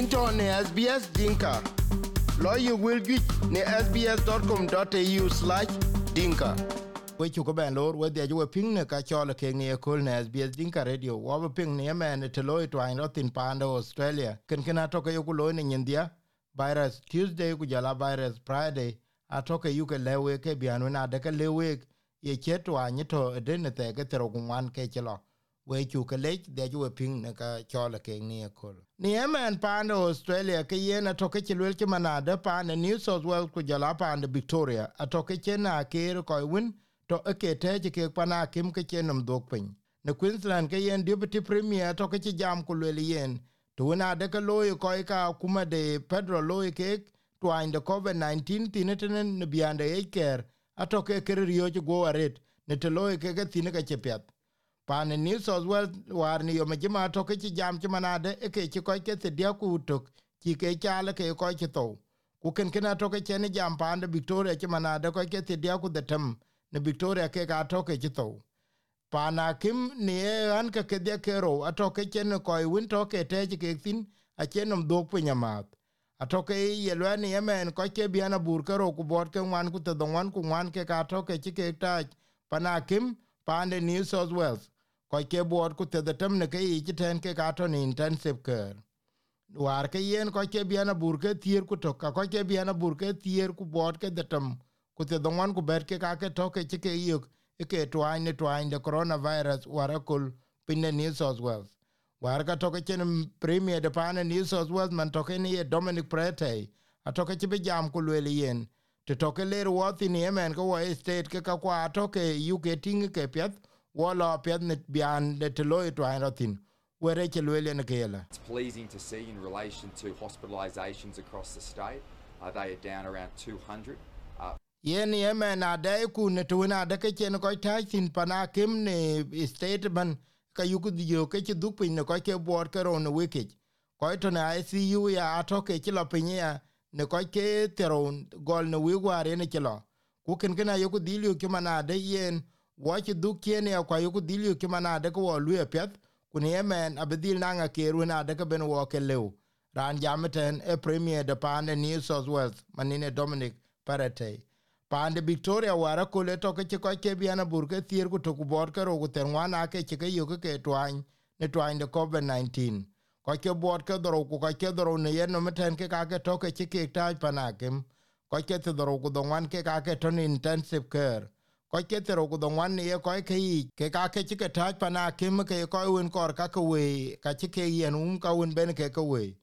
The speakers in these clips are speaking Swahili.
into ne SBS Dinka. Lawyer will get ne sbs.com.au slash dinka. We chuko ben lor we dia juwe ping ne ka chole ke ne kol ne SBS Dinka Radio. Wa ping ne man te loy twain rotin panda Australia. Ken ken atoke yoku loy ne nyindia. Virus Tuesday ku jala virus Friday. Atoke lewek lewe ke bianu na deke lewe ye chetwa nyito edene tege tero kungwan ke chelo. We chuko lech dia juwe ping ne ka chole ke ne kol ni emen pande australia ke yen atoke ci luel ci manade pande new south wales ku jala pande victoria atoke ci na ker koy win to eke te ci ke pana kim ke ci num dok pin ne queensland ke yen deputy premier toke ci jam ku luel yen to na de ke loy koy ka kuma de pedro loy ke twany de covid 19 tine tene ne biande e ker atoke ker ryo ci go aret ne te loy ke ke tine ci pet pan new south wales war ni yome jima toke ci jam ci manade e ke ci ko ke te dia ku tok ci ke le ke ko ci to ku ken ken toke ci ni jam pan de victoria ci manade ko ke te dia ku de tem ne victoria ke ga toke ci to pan a kim ni e an ke ke de ke ro a toke ci ne ko win toke te ci ke tin a ci nom do dok nya nyamat a toke e ye lwa ni yemen ko ke bi ana bur ke ro ku bot ke wan ku te do wan ku wan ke ka toke ci ke ta pan a kim pan pande new south wales koy ke buot ku te tem ne ke yi ten ke ka to ni intensive care war ke yen koy ke biana bur ke tier ku to ka koy ke biana ke tier ku buot ke de tem ku te donwan ku ber ke ka ke to ke ke yuk ke twain ne twain de coronavirus warakul pinne New South Wales war ka toke chen premier de pane New South Wales man toke ni ye Dominic Prete a toke chibi jam ku lweli yen te toke ler wathi ni emen ko wa estate ke ka kwa toke UK tingi ke piath wo lo ne bian de te to an rotin where ke lo ne kela it's pleasing to see in relation to hospitalizations across the state uh, they are down around 200 uh, yen yeme na de ku ne tu na de ke chen ko ta tin pana kim ne statement ka yu ku dio ke ti duk pin ko ke bor ke ron ne wiki ko to na ICU ya ato ke ti lo pin ya ne ko ke teron gol ne wi gware ne ti lo ku ken gena yu ku dilio ki mana de yen wa ci duk kene ya kwa yuku dil yu kima na de ko lu ya pet kun ye men abdil na nga ke ru na ran jameten e premier de pande new south wales manine dominic parate pande victoria wara ko le to ke ana bur ke tier ku to ku bor ke ro ke ci ne twan de covid 19 ko ke bor ke doro ke doro ne ye no ke ka ke to ke ci ke ke te doro ke ka ke intensive care ko ke tero ku dongwan ye ko ke yi ke ka ke ke ta pa na ke ke ko un kor ka ko we ka ke ke yen um ka un ben ke ko we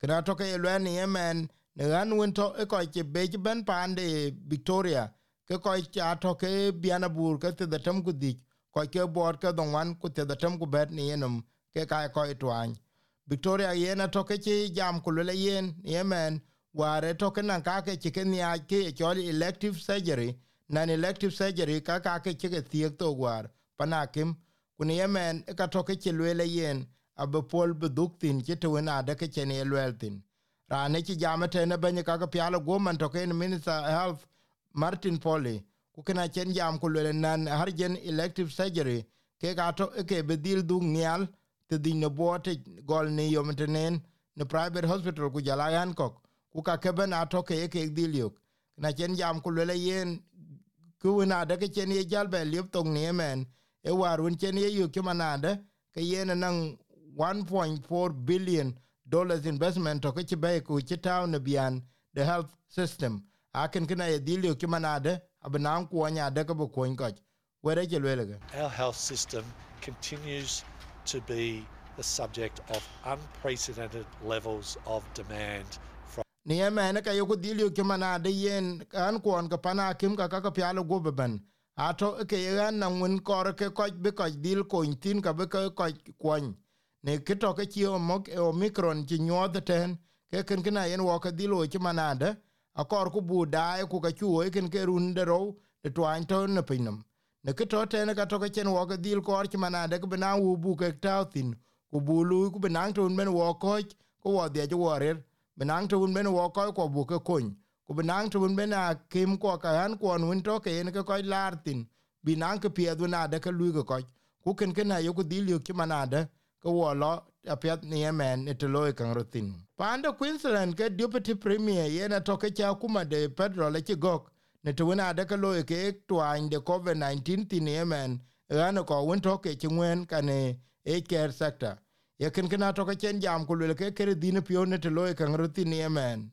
kna to ke le ni yemen ne an un to ko ke be ben pande victoria ke ko cha to ke biana bur ke te tem ku dik ko ke bor ke dongwan ku te tem ku bet ni yenum ke ka e ko itwan victoria yena to ke jam ku le yen yemen ware to ke na ka ke ke ni ke ko elective surgery nan elective surgery ka ka ke ke thiek to war kim kun yemen e ka to ke ke le le yen abe pol bu duk tin ke to na de ke ne le tin rane ki jame te ne benye ka ka pyalo go man to ke minister health martin poli ku ke na chen jam ku le nan har gen elective surgery ke ka to e ke be dil du nyal te din ne bo te gol ne yom tenen ne private hospital ku jala yan kok ku ka ke ben to e ke ke dil yo na chen jam ku le yen ku wina ke chen ye jal be tong men e war un chen ye yu ke nang 1.4 billion dollars investment to ke be ku town bian the health system kina ye ku ke bu ko our health system continues to be the subject of unprecedented levels of demand ni emene ka yoku dhilio kimana de yen an kuon ka pana kim ka kaka pialo gobeban ato ke yan na ngun kor ke ko be ko dil ko tin ka be ko kwon ne ke ti o mok e omicron ti nyod ten ke ken kina yen wo ka dhilo kimana de akor ku bu dai ku ka chuo e ken ke run de ro de twan to ne pinum ne kito ten ka to ke chen wo ka dhil kor kimana de be na u bu ke ta tin ku bu lu ku be nan to men wo ko ko wo de jo benang to ben wo ko ko bu ke kun ku benang to ben a kim ko ka han ko nun to ke en ke ko lartin binang ke pie du na de ke lu ko ku ken ken na yo ku dil yo ki manade ko wo lo apiat eh, ni yemen eh, ne eh, to loy kan rutin pande queensland ke deputy premier yena to ke cha kuma de pedro le ki gok ne to na de ke loy ke twang de covid 19 tin yemen rano ko won to ke chwen kane e care sector ye ken kena to ke chen jam ku le ke ke dine pio ne te loy kan ruti ni men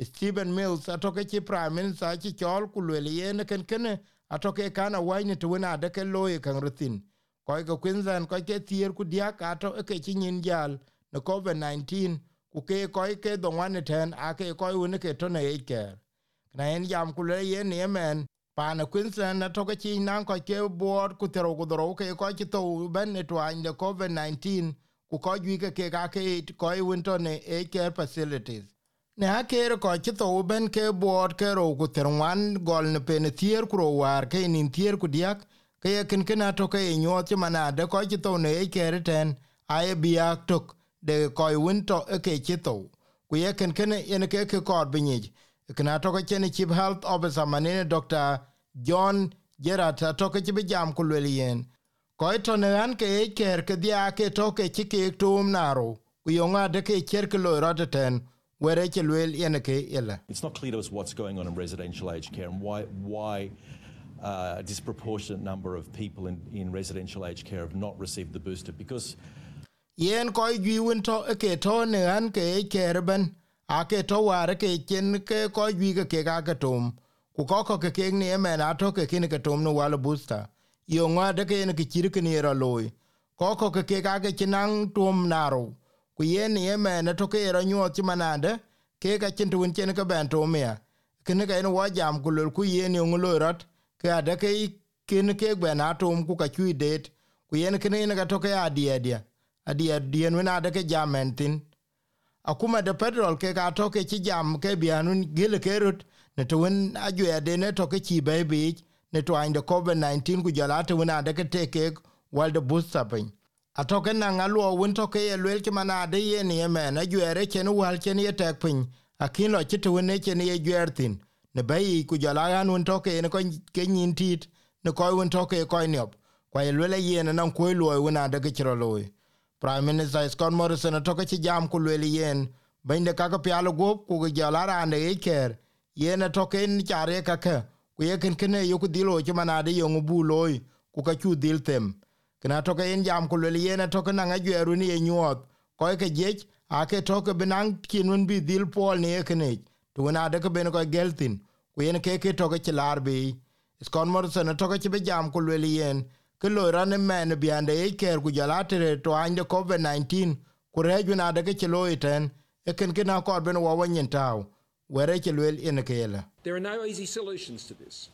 steven Mills ato ke chi prime minister chi chol ku le ye ne ken ken ato ke kana wai ne tu na de ke loy kan rutin ko ke Queensland ko ke tier ku dia ka to e ke chi nin jal ne covid 19 ku ke ko ke do wan ten a ke ko ne ke to ne ke na en jam ku le ye ne men paana Queensland na toke chi nan ko ke board ku tero ke ko chi to ben ne covid 19 ku ko jwi ke ga ke ko i winto ne e care facilities ne a ker ko ti to ben ke board ke ro ku ter wan gol ne pen tier ku ro war ke nin tier ku diak ke ye ken ken ato ke nyo ti mana de ko ti to ne e ker ten a e bi ak tok de ko i winto e ke ti to ku ye ken ken ye ne ke ke ko bi ni ken ato ke chen chief health officer manene dr john Gerard atoke chibi jam kulweli yen koi to ne an ke e ker ke dia ke to ke chi ke tum naro ku yo nga de ke cher ke lo rote ten were ke lwel yen ke ele it's not clear to us what's going on in residential aged care and why why uh, a disproportionate number of people in, in residential aged care have not received the booster because yen koi gi to e ke to ne an ke e ker ben a ke to ware ke chen ke koi gi ke ga ke tum ku ko ko ke ne men a to ke kin ke tum no wal booster yo ŋa de ke ne ke ke ne ro loy ko ko ke ke ga ke chinang tum naro ku ye ne ye me ne to ke ro nyu ti manande ke ga chin tun chen ke ben to me ke ne ga ne wa jam ku ku ye ne ŋu lo rat ke de ke ke ne ke ben atum ku ka chui det ku ye ne ke ne ga to ke adie dia adie die ne na de ke jamen tin akuma de petrol ke ga to ke chi jam ke bianun gele kerut ne to wen ajue de ne to ke chi be bich ne twaany de covid-19 ku jɔl ate wen adeke tekek wɔlde buth thapiny atoke naŋ aluɔ wen toke ye luel ci man ade yen ye mɛn ajuɛɛr ecien wal cien ye tɛk piny akin lɔ ci tewen ecien ye juɛɛr thin ne bɛ yic ku jɔl aɣan wen toke en ke nyin tiit ne kɔc wen toke kɔc niɔp kua ye luel ayen naŋ kuoi luɔi wen adeke ci rɔ looi prime minister scott morrison atoke ci jam ku luel yen bɛnyde kake pial guop ku ke jɔl araande ec yen atoke en car ye kake ku ye kene yo ku dilo ke manade yo ngu loy ku ka chu dil tem kana to ken jam ku le ye na to na gyeru ni nyot ko ke je ake toke to kinun bi dil pol ni kene tu na de ke ben ko geltin ku yen ke ke to lar bi skon mor se na to jam ku le yen ke lo ran men bi ande e ker ku jala to anje covid 19 ku re ju na de ke lo iten e ken ke na ko ben wo there are no easy solutions to this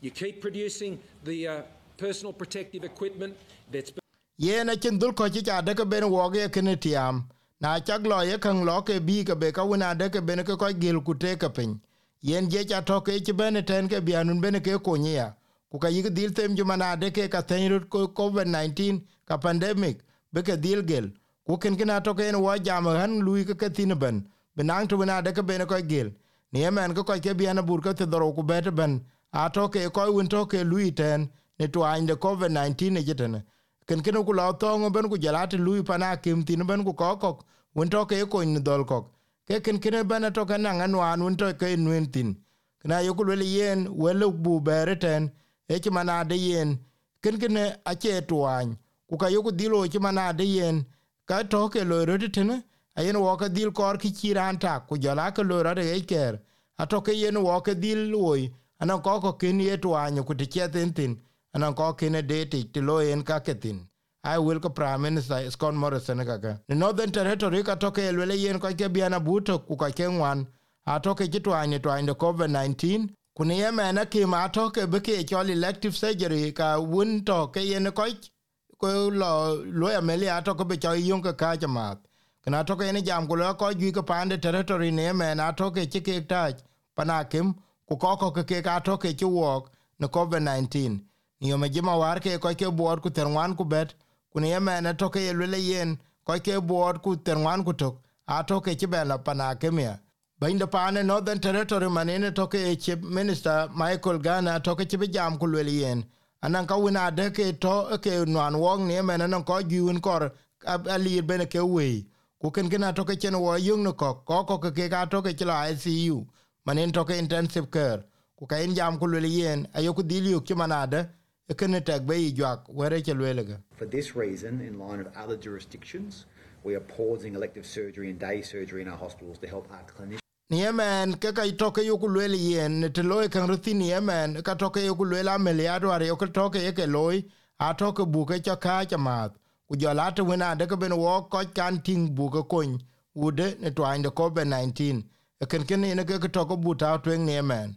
you keep producing the uh, personal protective equipment that's yen achen dul ko chi ade ke ben wo ge ken tiam na chak lo ye kan lo ke bi ke be ka una de ke ben ke ko gil ku te ke pin yen je cha to ke chi ben ten ke bianun ben ke ko nya ku ka yig dil tem juma na de ka ten rut ko covid 19 ka pandemic be ke dil gel ku ken gina to ke en wo jam han lui ke ke tin ben benang tu bena deke bene ko gel ni yemen ko ko ke bi ana bur ko te doro ku bete ben ato ke ko un to ke lui ten ne to ande covid 19 ne jeten ken ken ku lo to ngo ben ku jalati lui pana kim tin ben ku ko ko un to ke ko ni dol ko ke ken ken ben to ke na ngan wan un to ke nuen tin na yo ku le yen we lu bu bere ten e ti mana de yen ken ken a che tuan ku ka yo ku dilo ti e mana de yen ka to ke lo e rete tene ayen wɔke dhil kɔr ki ci raan tak ku jɔl ake loi rɔde yei kɛɛr atɔke yen wɔke dhil luoi anan kɔkɔ ken ye tuaanyi ku te ciɛ thin thin anan kɔ ken ade tic te loi en kake thin ai wil ke prime minister scott morrison e kake ne northern territory ka toke ye luele yen kɔcke bian abuto ku kɔcke ŋuan atoke ci tuaanyi tuany de covid-19 ku ne ye mɛn akim atoke bi ke cɔl elective surgery ka wun tɔ ke yen kɔc ko lɔ luoi amelia atoke bi cɔ yöŋke kaac maath kana toke ne jam ko ko ju ko pande territory ne me na toke ti ke ta pana kim ku ko ko ke ka toke ti wo ne covid 19 ni yo me jima war ke ko ke bor ku terwan ku bet ku ne me na toke ye le yen ko ke bor ku terwan ku tok a toke ti be la pana kim ya bain da pane northern territory manene toke e chief minister michael gana toke ti be jam ku le yen anan ka wina de ke to ke nwan wong ne me na ko ju un kor alir bene ke wei ku ken ken atoke chen wo yung no ko ko ko ke ga toke chila ICU manen toke intensive care ku ka in jam ku le yen ayo ku dili yu kimanade ken tek be yi jak were che le ga for this reason in line of other jurisdictions we are pausing elective surgery and day surgery in our hospitals to help our clinicians Niemen ke kai toke yo ku le yen te loy kan ruthi niemen ka toke yo ku le la meliado are yo toke ye ke loy a toke buke cha ka cha math ku jɔl ate wen adekeben wɔɔk kɔc kan tiŋ buke kony wude ne tuany de covid-19 ekenken ene keke tɔke bu tau tueŋ niemɛn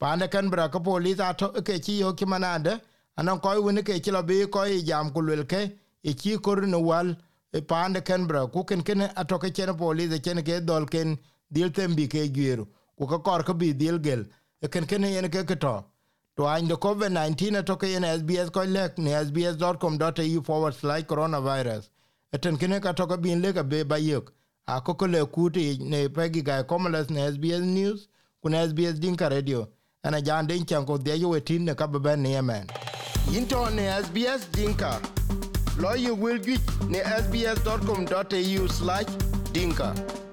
paande ken bi rake polic ato ke ci yok ci manade anan kɔc wen ke ci lɔ bi kɔc i jam ku luelke e ci kor ne wal e paande ken bi ku kenken atoke cen polic ecen ke dhɔl dhil them ke juieru ku ke kɔr ke bi dhil gel ekenken ene keke tɔ to any the COVID-19 atoke yen SBS koi lek ni sbs.com.au forward slash coronavirus. Eten kine katoke bin leka be bayek. Akoko le kuti ne pegi gai komalas ni SBS News kuna SBS Dinka Radio. Ana jande inchanko dhiyo wetin ne kababa ni yemen. Into ni SBS Dinka. Lawyer will get ni sbs.com.au slash Dinka.